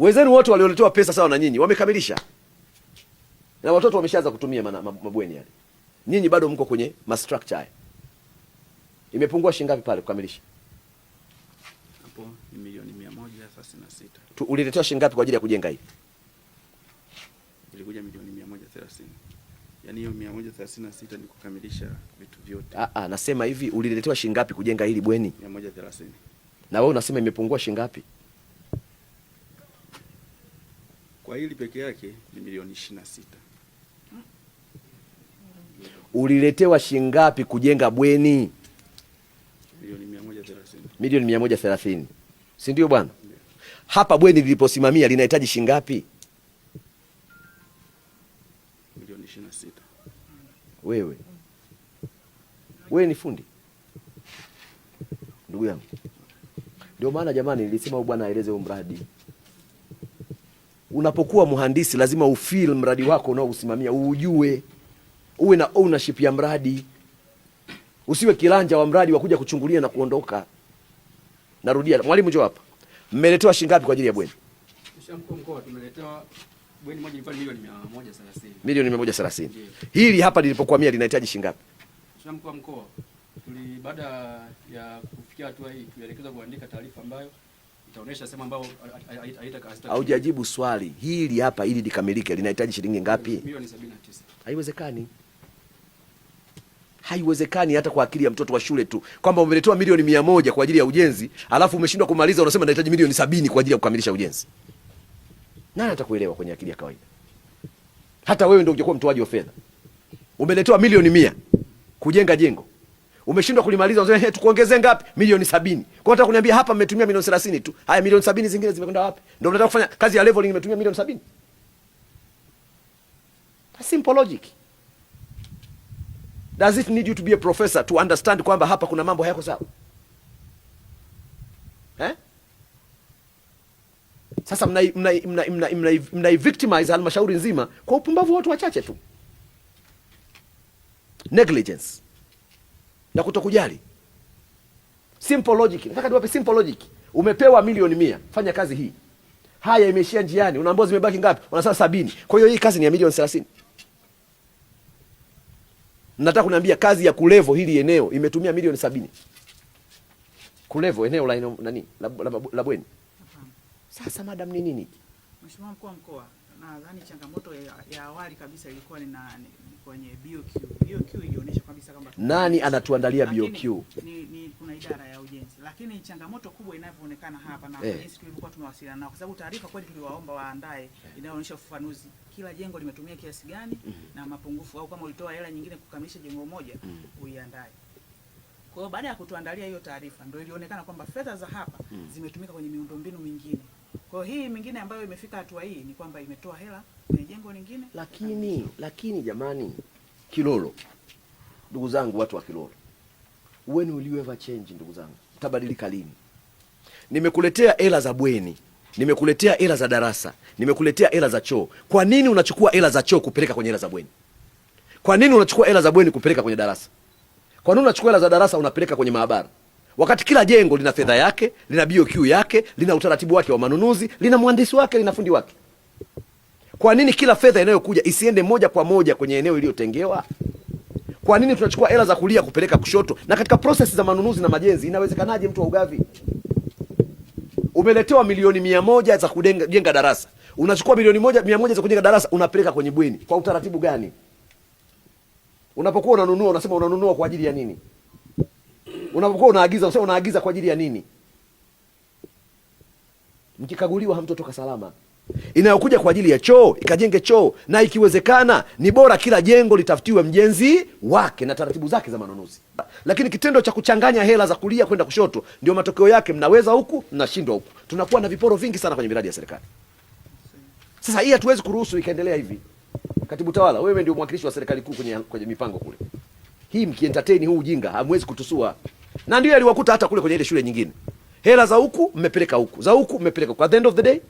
Wenzenu wote walioletewa pesa sawa na nyinyi wamekamilisha, na watoto wameshaanza kutumia mabweni yale, nyinyi bado mko kwenye mastructure haya. Imepungua shilingi ngapi pale kukamilisha? Hapo milioni 136. Tu uliletewa shilingi ngapi kwa ajili ya kujenga hii Ilikuja milioni 130. Yaani hiyo 136 ni kukamilisha vitu vyote. Ah ah, nasema hivi uliletewa shilingi ngapi kujenga hili bweni? 130. Na wewe unasema imepungua shilingi ngapi? kwa hili peke yake ni milioni ishirini na sita. Uliletewa shingapi kujenga bweni? Milioni mia moja thelathini, si ndio bwana? Yeah. Hapa bweni liliposimamia linahitaji shingapi Milioni ishirini na sita. Wewe wewe ni fundi ndugu yangu, ndio maana jamani nilisema huyu bwana aeleze huu mradi unapokuwa mhandisi lazima ufeel mradi wako unaousimamia uujue, uwe na ownership ya mradi, usiwe kilanja wa mradi wa kuja kuchungulia na kuondoka. Narudia, mwalimu njoo hapa. Mmeletewa shilingi ngapi kwa ajili ya bweni? Milioni mia moja thelathini. Hili hapa lilipokwamia linahitaji shilingi ngapi? Mkoa, baada ya kufikia hatua hii tulielekeza kuandika taarifa ambayo itaonesha sehemu ambayo haujajibu swali hili hapa, ili likamilike linahitaji shilingi ngapi? Milioni 79. Haiwezekani, haiwezekani hata kwa akili ya mtoto wa shule tu kwamba umeletewa milioni mia moja kwa ajili ya ujenzi alafu umeshindwa kumaliza, unasema nahitaji milioni sabini kwa ajili ya kukamilisha ujenzi. Nani atakuelewa kwenye akili ya kawaida? Hata wewe ndio ungekuwa mtoaji wa fedha, umeletewa milioni mia kujenga jengo umeshindwa kulimaliza, unasema eh, tukuongezee ngapi? Milioni sabini. Kwa nataka kuniambia hapa mmetumia milioni thelathini tu, haya milioni sabini zingine zimekwenda wapi? ndo nataka kufanya kazi ya leveling, imetumia milioni sabini. Simple logic. Does it need you to be a professor to understand kwamba hapa kuna mambo hayako sawa eh? Sasa mnaivictimize mna, mna, mna, mna, mna halmashauri nzima kwa upumbavu wa watu wachache tu, negligence na kutokujali. Simple logic, nataka niwape simple logic. Umepewa milioni mia, fanya kazi hii. Haya, imeishia njiani, unaambiwa zimebaki ngapi? Unasema sabini. Kwa hiyo hii kazi ni ya milioni thelathini. Nataka kuniambia kazi ya kulevo hili eneo imetumia milioni sabini kulevo eneo la nani la bweni. Sasa madam, ni nini? Mheshimiwa mkuu wa mkoa nadhani changamoto ya, ya awali kabisa ilikuwa ni nani kwenye BOQ. BOQ ilionyesha kabisa kwamba nani anatuandalia BOQ ni, ni kuna idara ya ujenzi, lakini changamoto kubwa inavyoonekana hapa na eh, jinsi tulivyokuwa tumewasiliana nao, kwa sababu taarifa kweli tuliwaomba waandae inayoonyesha ufafanuzi kila jengo limetumia kiasi gani mm -hmm. na mapungufu au kama ulitoa hela nyingine kukamilisha jengo moja mm -hmm. uiandae kwa hiyo baada ya kutuandalia hiyo taarifa ndio ilionekana kwamba fedha za hapa mm. zimetumika kwenye miundombinu mingine kwa hii mingine ambayo imefika hatua hii ni kwamba imetoa hela kwenye jengo lingine, lakini lakini jamani, Kilolo, ndugu zangu, watu wa Kilolo, when will you ever change? Ndugu zangu, utabadilika lini? Nimekuletea hela za bweni, nimekuletea hela za darasa, nimekuletea hela za choo. Kwa nini unachukua hela za choo kupeleka kwenye hela za bweni? Kwa nini unachukua hela za bweni kupeleka kwenye darasa? Kwa nini unachukua hela za darasa unapeleka kwenye maabara? wakati kila jengo lina fedha yake, lina BOQ yake, lina utaratibu wake wa manunuzi, lina mhandisi wake, lina fundi wake. Kwa nini kila fedha inayokuja isiende moja kwa moja kwenye eneo iliyotengewa? Kwa nini tunachukua hela za kulia kupeleka kushoto? Na katika prosesi za manunuzi na majenzi, inawezekanaje mtu wa ugavi umeletewa milioni mia moja za kujenga darasa, unachukua milioni moja, mia moja za kujenga darasa unapeleka kwenye bweni? Kwa utaratibu gani? Unapokuwa unanunua unasema unanunua kwa ajili ya nini? unapokuwa unaagiza unasema unaagiza kwa ajili ya nini? Mkikaguliwa hamtotoka salama. Inayokuja kwa ajili ya choo ikajenge choo, na ikiwezekana ni bora kila jengo litafutiwe mjenzi wake na taratibu zake za manunuzi. Lakini kitendo cha kuchanganya hela za kulia kwenda kushoto, ndio matokeo yake, mnaweza huku mnashindwa huku. Tunakuwa na viporo vingi sana kwenye miradi ya serikali. Sasa hii hatuwezi kuruhusu ikaendelea hivi. Katibu tawala, wewe ndio mwakilishi wa serikali kuu kwenye, kwenye mipango kule. Hii mkientertain huu ujinga hamwezi kutusua na ndio yaliwakuta hata kule kwenye ile shule nyingine, hela za huku mmepeleka huku, za huku mmepeleka kwa the end of the day